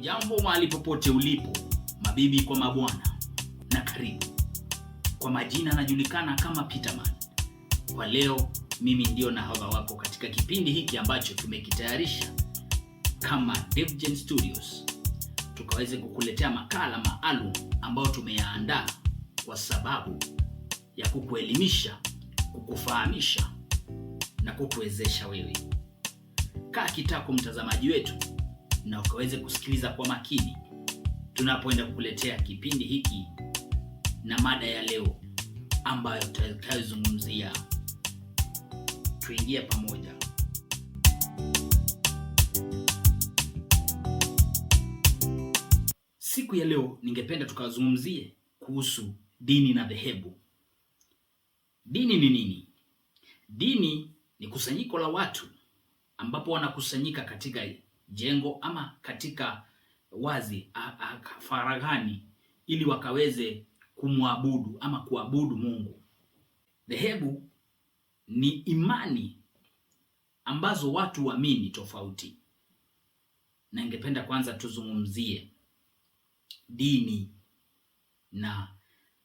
Hujambo mahali popote ulipo, mabibi kwa mabwana, na karibu. Kwa majina anajulikana kama Peterman. Kwa leo mimi ndio nahodha wako katika kipindi hiki ambacho tumekitayarisha kama Devgen Studios, tukaweze kukuletea makala maalum ambayo tumeyaandaa kwa sababu ya kukuelimisha, kukufahamisha na kukuwezesha wewe. Kaa kitako mtazamaji wetu na ukaweze kusikiliza kwa makini tunapoenda kukuletea kipindi hiki na mada ya leo ambayo tutakayozungumzia. Tuingie pamoja. Siku ya leo ningependa tukazungumzie kuhusu dini na dhehebu. Dini ni nini? Dini ni kusanyiko la watu ambapo wanakusanyika katika jengo ama katika wazi faraghani, ili wakaweze kumwabudu ama kuabudu Mungu. Dhehebu ni imani ambazo watu waamini tofauti, na ningependa kwanza tuzungumzie dini na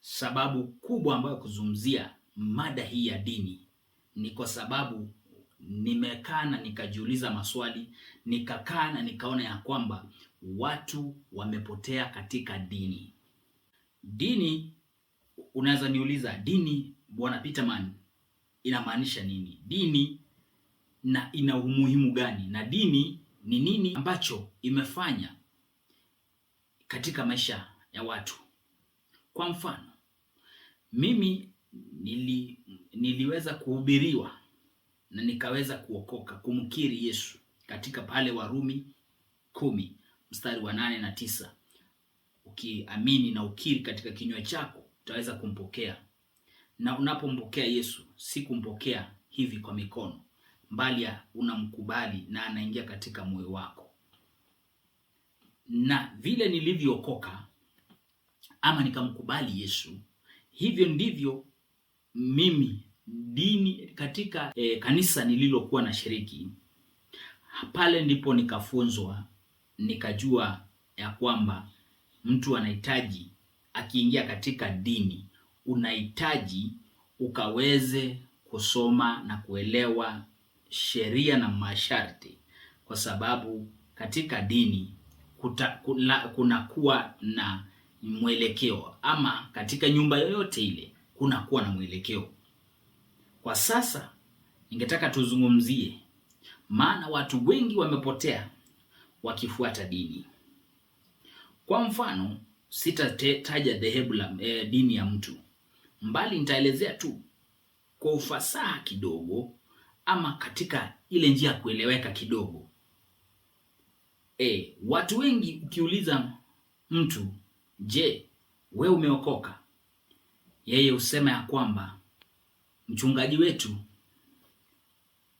sababu kubwa ambayo kuzungumzia mada hii ya dini ni kwa sababu nimekaa na nikajiuliza maswali, nikakaa na nikaona ya kwamba watu wamepotea katika dini. Dini, unaweza niuliza dini, Bwana Peterman, inamaanisha nini? Dini na ina umuhimu gani? Na dini ni nini ambacho imefanya katika maisha ya watu? Kwa mfano, mimi nili, niliweza kuhubiriwa na nikaweza kuokoka kumkiri Yesu katika pale Warumi kumi mstari wa nane na tisa. Ukiamini na ukiri katika kinywa chako utaweza kumpokea, na unapompokea Yesu si kumpokea hivi kwa mikono, bali unamkubali na anaingia katika moyo wako. Na vile nilivyookoka ama nikamkubali Yesu, hivyo ndivyo mimi dini katika e, kanisa nililokuwa na shiriki pale ndipo nikafunzwa, nikajua ya kwamba mtu anahitaji akiingia katika dini unahitaji ukaweze kusoma na kuelewa sheria na masharti, kwa sababu katika dini kunakuwa na mwelekeo, ama katika nyumba yoyote ile kunakuwa na mwelekeo. Kwa sasa ningetaka tuzungumzie, maana watu wengi wamepotea wakifuata dini. Kwa mfano, sitataja dhehebu la e, dini ya mtu, mbali nitaelezea tu kwa ufasaha kidogo, ama katika ile njia ya kueleweka kidogo. E, watu wengi ukiuliza mtu, je, we umeokoka? Yeye husema ya kwamba mchungaji wetu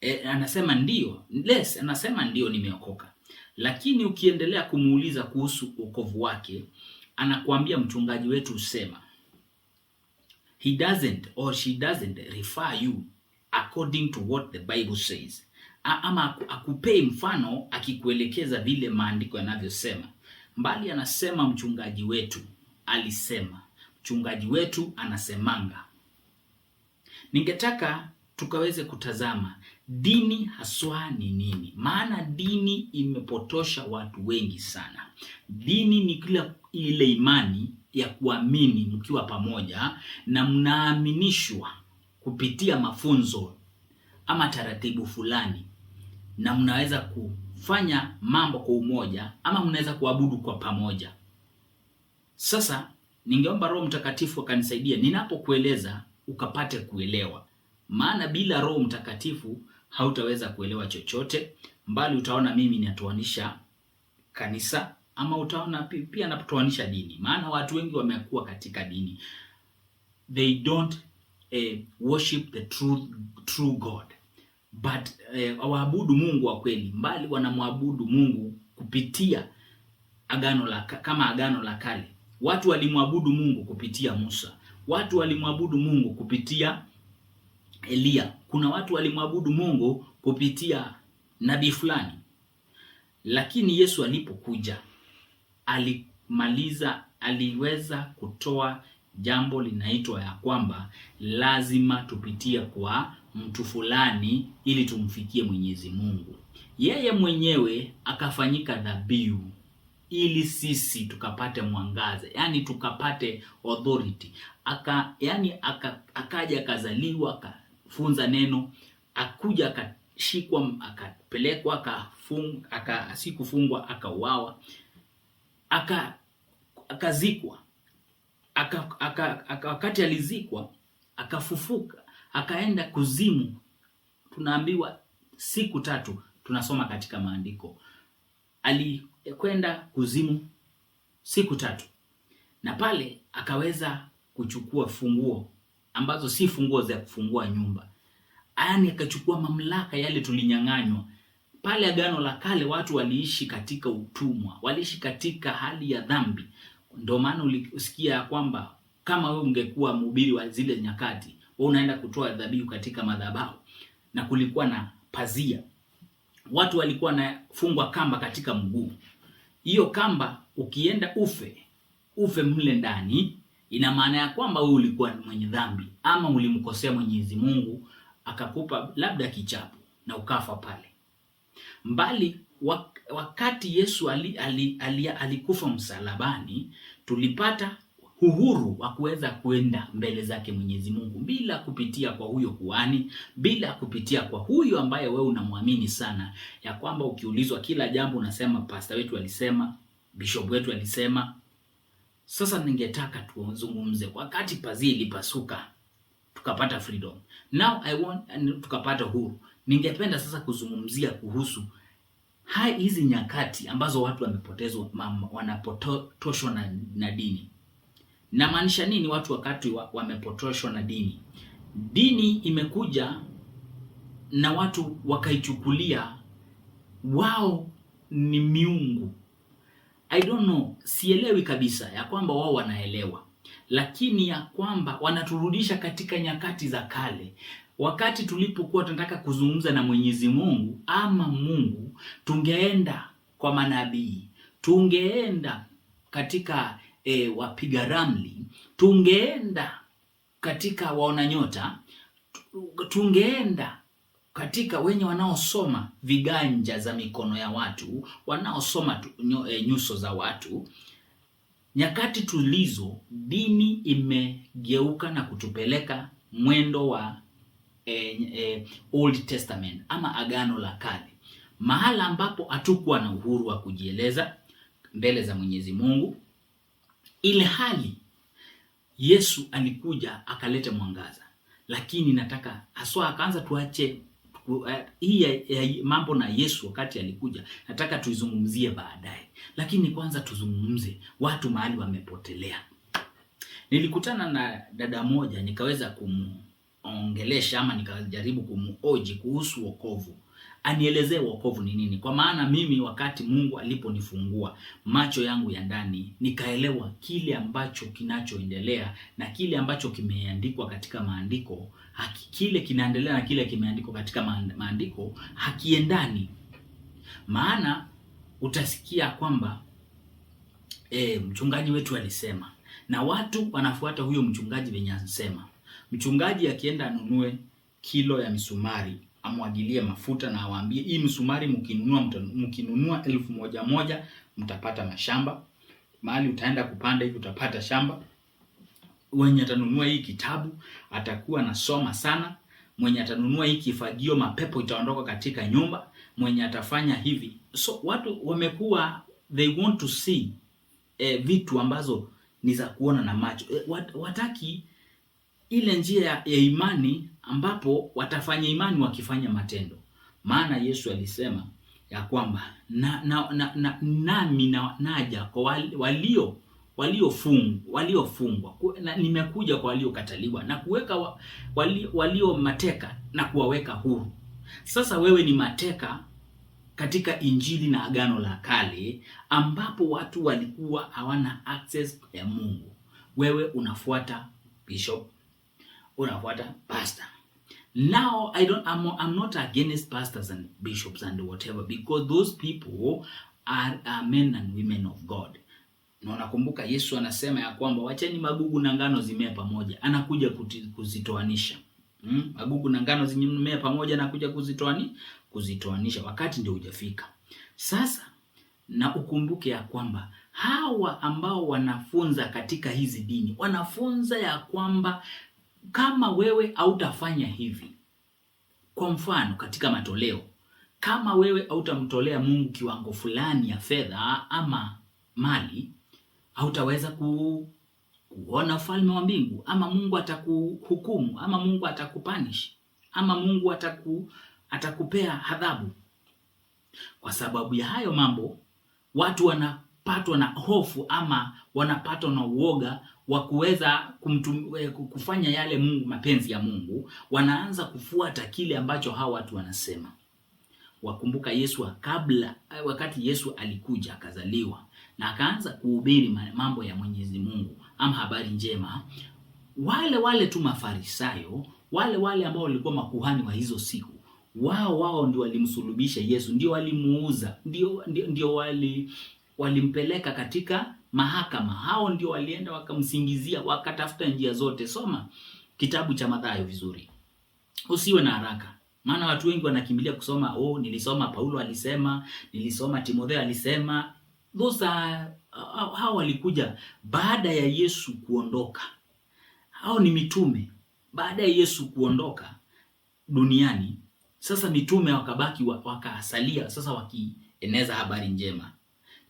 e, anasema ndio yes, anasema ndio nimeokoka, lakini ukiendelea kumuuliza kuhusu ukovu wake anakuambia mchungaji wetu husema he doesn't or she doesn't refer you according to what the Bible says, ama akupei mfano akikuelekeza vile maandiko yanavyosema, mbali anasema mchungaji wetu alisema, mchungaji wetu anasemanga Ningetaka tukaweze kutazama dini haswa ni nini, maana dini imepotosha watu wengi sana. Dini ni kila ile imani ya kuamini mkiwa pamoja na mnaaminishwa kupitia mafunzo ama taratibu fulani, na mnaweza kufanya mambo kwa umoja ama mnaweza kuabudu kwa pamoja. Sasa ningeomba Roho Mtakatifu akanisaidia ninapokueleza ukapate kuelewa, maana bila Roho Mtakatifu hautaweza kuelewa chochote, mbali utaona mimi natuanisha kanisa ama utaona pia natuanisha dini, maana watu wengi wamekuwa katika dini, they don't eh, worship the true, true God but eh, waabudu Mungu wa kweli, mbali wanamwabudu Mungu kupitia agano la kama agano la kale, watu walimwabudu Mungu kupitia Musa Watu walimwabudu Mungu kupitia Eliya. Kuna watu walimwabudu Mungu kupitia nabii fulani, lakini Yesu alipokuja alimaliza, aliweza kutoa jambo linaitwa ya kwamba lazima tupitie kwa mtu fulani ili tumfikie Mwenyezi Mungu. Yeye mwenyewe akafanyika dhabihu ili sisi tukapate mwangaza, yani tukapate authority. Aka, yani aka, akaja akazaliwa akafunza neno, akuja akashikwa, akapelekwa, akafung, aka, sikufungwa, akauawa, aka akazikwa aka, aka, aka, wakati alizikwa akafufuka akaenda kuzimu. Tunaambiwa siku tatu, tunasoma katika maandiko ali ya kwenda kuzimu siku tatu, na pale akaweza kuchukua funguo ambazo si funguo za kufungua nyumba, yaani akachukua mamlaka yale tulinyang'anywa pale. Agano la Kale watu waliishi katika utumwa, waliishi katika hali ya dhambi. Ndio maana ulisikia kwamba kama wewe ungekuwa mhubiri wa zile nyakati, wewe unaenda kutoa dhabihu katika madhabahu, na kulikuwa na pazia, watu walikuwa wanafungwa kamba katika mguu hiyo kamba ukienda ufe ufe mle ndani, ina maana ya kwamba wewe ulikuwa mwenye dhambi ama ulimkosea Mwenyezi Mungu akakupa labda kichapo na ukafa pale. Mbali wakati Yesu ali, ali, ali, alikufa msalabani tulipata uhuru wa kuweza kwenda mbele zake Mwenyezi Mungu bila kupitia kwa huyo kuhani, bila kupitia kwa huyo ambaye wewe unamwamini sana, ya kwamba ukiulizwa kila jambo unasema pasta wetu alisema, bishop wetu alisema. Sasa ningetaka tuzungumze wakati pazia ilipasuka tukapata freedom. Now I want and tukapata uhuru. Ningependa sasa kuzungumzia kuhusu hai hizi nyakati ambazo watu wamepotezwa, wanapotoshwa na, na dini Namaanisha nini watu wakati wamepotoshwa na dini? Dini imekuja na watu wakaichukulia wao ni miungu. I don't know, sielewi kabisa ya kwamba wao wanaelewa, lakini ya kwamba wanaturudisha katika nyakati za kale, wakati tulipokuwa tunataka kuzungumza na Mwenyezi Mungu ama Mungu, tungeenda kwa manabii, tungeenda katika e, wapiga ramli, tungeenda katika waona nyota, tungeenda katika wenye wanaosoma viganja za mikono ya watu, wanaosoma e, nyuso za watu. Nyakati tulizo, dini imegeuka na kutupeleka mwendo wa e, e, Old Testament ama Agano la Kale, mahala ambapo hatukuwa na uhuru wa kujieleza mbele za Mwenyezi Mungu ile hali Yesu alikuja akaleta mwangaza, lakini nataka haswa akaanza tuache eh, hii hii ya, mambo na Yesu wakati alikuja, nataka tuizungumzie baadaye, lakini kwanza tuzungumze watu mahali wamepotelea. Nilikutana na dada moja nikaweza kumuongelesha ama nikajaribu kumuoji kuhusu wokovu, anielezee wokovu ni nini, kwa maana mimi wakati Mungu aliponifungua macho yangu ya ndani, nikaelewa kile ambacho kinachoendelea na kile ambacho kimeandikwa katika maandiko haki, kile kinaendelea na kile kimeandikwa katika maandiko hakiendani. Maana utasikia kwamba e, mchungaji wetu alisema, na watu wanafuata huyo mchungaji venye anasema. Mchungaji akienda anunue kilo ya misumari amwagilie mafuta na awaambie hii msumari mkinunua mkinunua elfu moja moja mtapata mashamba. Mahali utaenda kupanda hivi utapata shamba. Mwenye atanunua hii kitabu atakuwa nasoma sana. Mwenye atanunua hii kifagio, mapepo itaondoka katika nyumba. Mwenye atafanya hivi. So watu wamekuwa they want to see eh, vitu ambazo ni za kuona na macho eh, wat, wataki ile njia ya imani ambapo watafanya imani wakifanya matendo. Maana Yesu alisema ya kwamba na, na, na, na, nami na, naja kwa walio waliofungwa waliofungwa, nimekuja kwa waliokataliwa na kuweka wa, walio, wali mateka na kuwaweka huru. Sasa wewe ni mateka katika Injili na Agano la Kale ambapo watu walikuwa hawana access ya Mungu. Wewe unafuata Bishop unafuata pastor. Now I don't I'm, I'm not against pastors and bishops and whatever because those people are, are men and women of God. Na unakumbuka Yesu anasema ya kwamba wacheni magugu na ngano zimee pamoja, anakuja kuzitoanisha. Mm, magugu na ngano zimee pamoja, anakuja kuzitoani kuzitoanisha, wakati ndio hujafika. Sasa na ukumbuke ya kwamba hawa ambao wanafunza katika hizi dini wanafunza ya kwamba kama wewe hautafanya hivi, kwa mfano katika matoleo, kama wewe hautamtolea Mungu kiwango fulani ya fedha ama mali, hautaweza ku, kuona ufalme wa mbingu, ama Mungu atakuhukumu, ama Mungu atakupanish, ama Mungu ataku, atakupea adhabu. Kwa sababu ya hayo mambo, watu wanapatwa na hofu ama wanapatwa na uoga wa kuweza eh, kufanya yale Mungu, mapenzi ya Mungu, wanaanza kufuata kile ambacho hawa watu wanasema. Wakumbuka Yesu kabla, eh, wakati Yesu alikuja akazaliwa na akaanza kuhubiri mambo ya Mwenyezi Mungu ama habari njema, wale wale tu Mafarisayo, wale wale ambao walikuwa makuhani wa hizo siku wao wao ndio walimsulubisha Yesu, ndio walimuuza, ndio ndio, ndio wali walimpeleka katika mahakama. Hao ndio walienda wakamsingizia, wakatafuta njia zote. Soma kitabu cha Mathayo vizuri, usiwe na haraka, maana watu wengi wanakimbilia kusoma, oh, nilisoma Paulo alisema, nilisoma Timotheo alisema. Those are uh, uh, hao walikuja baada ya Yesu kuondoka. Hao ni mitume baada ya Yesu kuondoka duniani. Sasa mitume wakabaki wakasalia, sasa wakieneza habari njema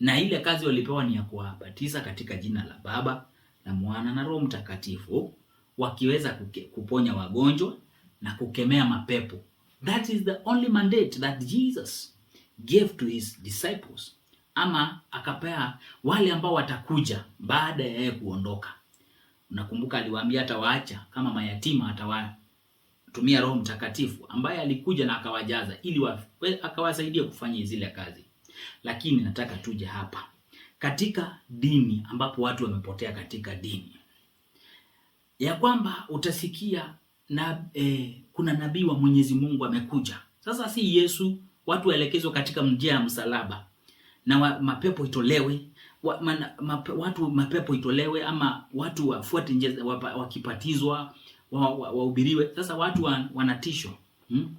na ile kazi walipewa ni ya kuwabatiza katika jina la Baba na Mwana na Roho Mtakatifu, wakiweza kuke, kuponya wagonjwa na kukemea mapepo. That is the only mandate that Jesus gave to his disciples, ama akapea wale ambao watakuja baada ya yeye kuondoka. Nakumbuka aliwaambia atawaacha kama mayatima, atawatumia Roho Mtakatifu ambaye alikuja na akawajaza ili akawasaidia kufanya zile kazi lakini nataka tuje hapa katika dini, ambapo watu wamepotea katika dini ya kwamba utasikia na, eh, kuna nabii wa Mwenyezi Mungu amekuja. Sasa si Yesu, watu waelekezwe katika njia ya msalaba na wa, mapepo itolewe wa, man, mape, watu mapepo itolewe ama watu wafuate njia wakipatizwa wa, wa, wa, sasa watu wa, wanatishwa hmm?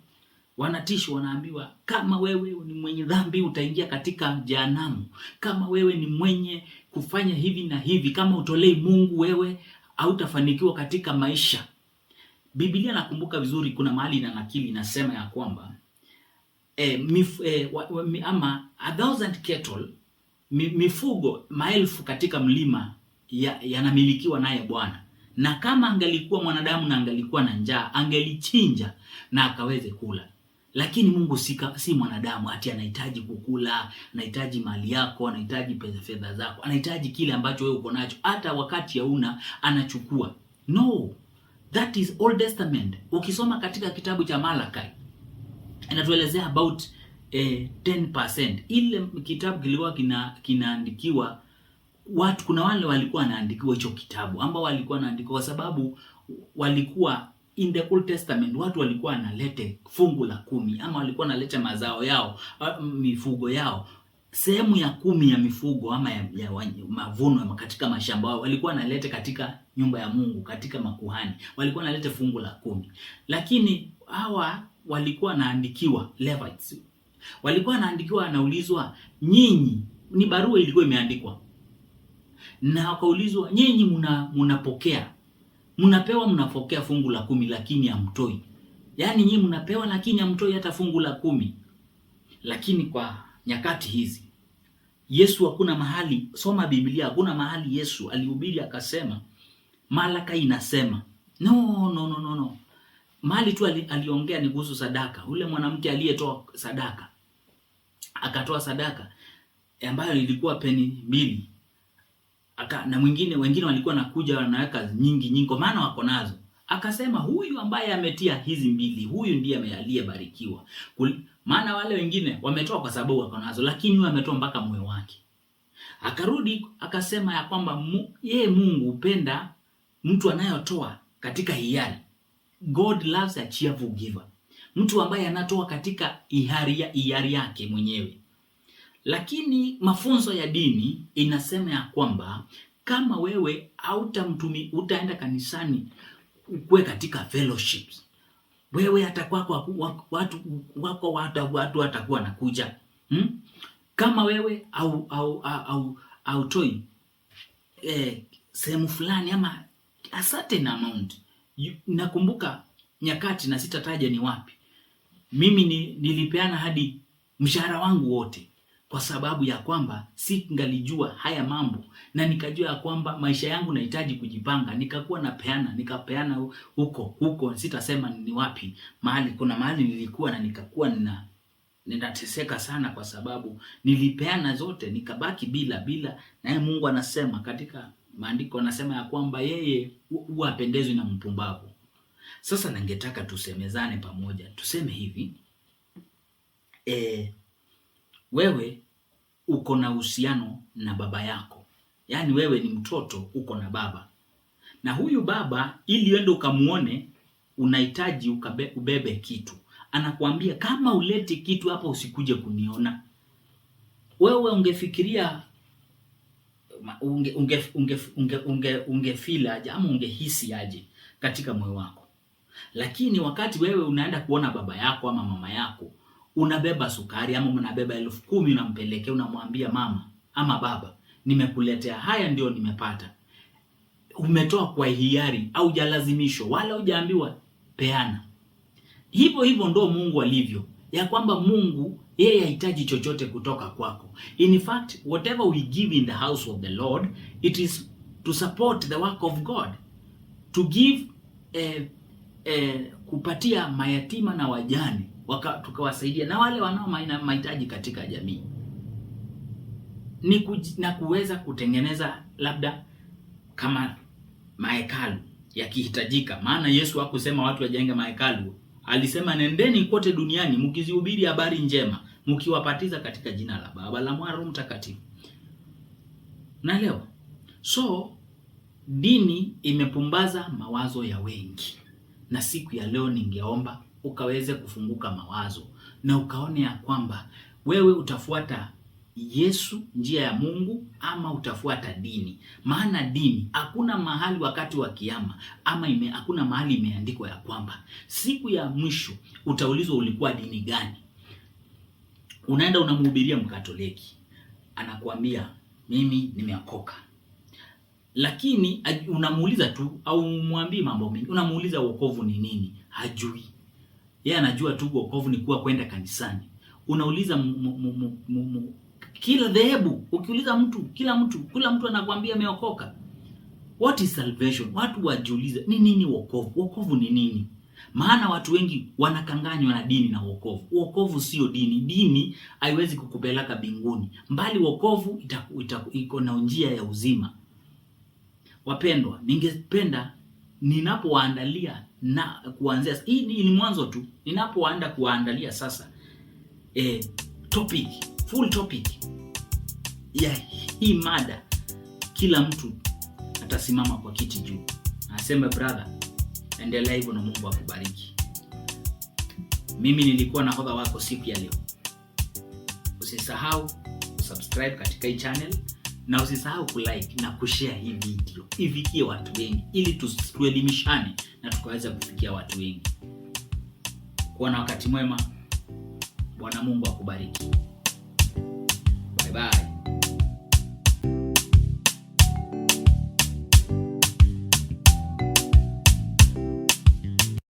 Wanatishwa, wanaambiwa kama wewe ni mwenye dhambi utaingia katika jehanamu, kama wewe ni mwenye kufanya hivi na hivi, kama utolei Mungu wewe hautafanikiwa katika maisha. Biblia nakumbuka vizuri, kuna mahali na nakili inasema ya kwamba e, mif, e, wa, wa, mi, ama a thousand cattle, mi, mifugo maelfu katika mlima yanamilikiwa ya naye Bwana na kama angalikuwa mwanadamu na angalikuwa na njaa angelichinja na akaweze kula, lakini Mungu si, si mwanadamu ati anahitaji kukula, anahitaji mali yako, anahitaji pesa fedha zako, anahitaji kile ambacho wewe uko nacho, hata wakati hauna anachukua. No, that is Old Testament. Ukisoma katika kitabu cha Malaki inatuelezea about eh, 10%. Ile kitabu kilikuwa kina kinaandikiwa watu, kuna wale walikuwa wanaandikiwa hicho kitabu ambao walikuwa wanaandikiwa kwa sababu walikuwa in the Old Testament watu walikuwa wanalete fungu la kumi ama walikuwa wanaleta mazao yao, uh, mifugo yao sehemu ya kumi ya mifugo ama ya, ya mavuno katika mashamba yao walikuwa analete katika nyumba ya Mungu, katika makuhani walikuwa wanaleta fungu la kumi, lakini hawa walikuwa wanaandikiwa Levites, walikuwa wanaandikiwa, wanaulizwa nyinyi, ni barua ilikuwa imeandikwa na wakaulizwa nyinyi mnapokea mnapewa mnapokea fungu la kumi lakini hamtoi. Yaani nyinyi mnapewa lakini hamtoi hata fungu la kumi. Lakini kwa nyakati hizi Yesu hakuna mahali, soma Biblia, hakuna mahali Yesu alihubiri akasema Malaka inasema. No, no, no, no, no. Mahali tu aliongea ni kuhusu sadaka. Ule mwanamke aliyetoa sadaka akatoa sadaka ambayo ilikuwa peni mbili aka, na mwingine wengine walikuwa nakuja wanaweka nyingi nyingi, kwa maana wako nazo. Akasema huyu ambaye ametia hizi mbili, huyu ndiye aliyebarikiwa, maana wale wengine wametoa kwa sababu wako nazo, lakini huyu ametoa mpaka moyo wake. Akarudi akasema ya kwamba yeye Mungu hupenda mtu anayotoa katika hiari. God loves a cheerful giver, mtu ambaye anatoa katika hiari, hiari yake mwenyewe. Lakini mafunzo ya dini inasema ya kwamba kama wewe hautamtumi utaenda kanisani ukuwe katika fellowships, wewe atakuwa kwa watu wako watu watu watakuwa nakuja hmm? Kama wewe au au au autoi eh, sehemu fulani ama a certain amount. Nakumbuka nyakati na sitataja ni wapi, mimi ni, nilipeana hadi mshahara wangu wote kwa sababu ya kwamba si ngalijua haya mambo na nikajua ya kwamba maisha yangu nahitaji kujipanga, nikakuwa napeana nikapeana huko huko, sitasema ni wapi mahali. Kuna mahali nilikuwa na nikakuwa nina ninateseka sana, kwa sababu nilipeana zote nikabaki bila bila. Naye Mungu anasema katika maandiko, anasema ya kwamba yeye huwa apendezwi na mpumbavu. Sasa ningetaka tusemezane pamoja, tuseme hivi e, wewe uko na uhusiano na baba yako, yaani wewe ni mtoto, uko na baba, na huyu baba, ili uende ukamuone, unahitaji ukabe, ubebe kitu. Anakuambia kama uleti kitu hapa, usikuje kuniona. Wewe ungefikiria unge, unge, unge, unge, unge, ungefila aje ama ungehisi aje katika moyo wako? Lakini wakati wewe unaenda kuona baba yako ama mama yako unabeba sukari ama unabeba elfu kumi unampelekea, unamwambia mama ama baba, nimekuletea haya, ndio nimepata. Umetoa kwa hiari, au jalazimisho wala hujaambiwa peana. Hivyo hivyo ndo Mungu alivyo, ya kwamba Mungu yeye hahitaji chochote kutoka kwako. In fact whatever we give in the house of the Lord it is to support the work of God, to give eh, eh, kupatia mayatima na wajane waka, tukawasaidia na wale wanao mahitaji katika jamii ni kuj, na kuweza kutengeneza labda kama mahekalu yakihitajika, maana Yesu hakusema watu wajenge mahekalu, alisema nendeni kote duniani mkizihubiri habari njema mkiwapatiza katika jina la Baba la Mwana Roho Mtakatifu. leo So dini imepumbaza mawazo ya wengi, na siku ya leo ningeomba ukaweze kufunguka mawazo na ukaone ya kwamba wewe utafuata Yesu, njia ya Mungu, ama utafuata dini. Maana dini hakuna mahali wakati wa kiama ama ime, hakuna mahali imeandikwa ya kwamba siku ya mwisho utaulizwa ulikuwa dini gani. Unaenda unamhubiria Mkatoliki anakuambia mimi nimeokoka, lakini unamuuliza tu, au mwambii mambo mengi, unamuuliza wokovu ni nini, hajui yeye anajua tu wokovu ni kuwa kwenda kanisani. Unauliza kila dhehebu, ukiuliza mtu, kila mtu, kila mtu anakuambia ameokoka. What is salvation? Watu wajiulize ni nini wokovu? Wokovu ni nini? Maana watu wengi wanakanganywa na dini na wokovu. Wokovu sio dini. Dini haiwezi kukupeleka binguni mbali wokovu iko na njia ya uzima. Wapendwa, ningependa ninapowaandalia na kuanzia hii ni mwanzo tu ninapoenda kuwaandalia sasa eh, topic full topic ya hii mada, kila mtu atasimama kwa kiti juu aseme brother, endelea hivyo na Mungu akubariki. Mimi nilikuwa nahodha wako siku ya leo. Usisahau kusubscribe katika hii channel na usisahau kulike na kushare hii video ifikie watu wengi, ili tuelimishane na tukaweza kufikia watu wengi. Kuwa na wakati mwema. Bwana Mungu akubariki. Bye bye.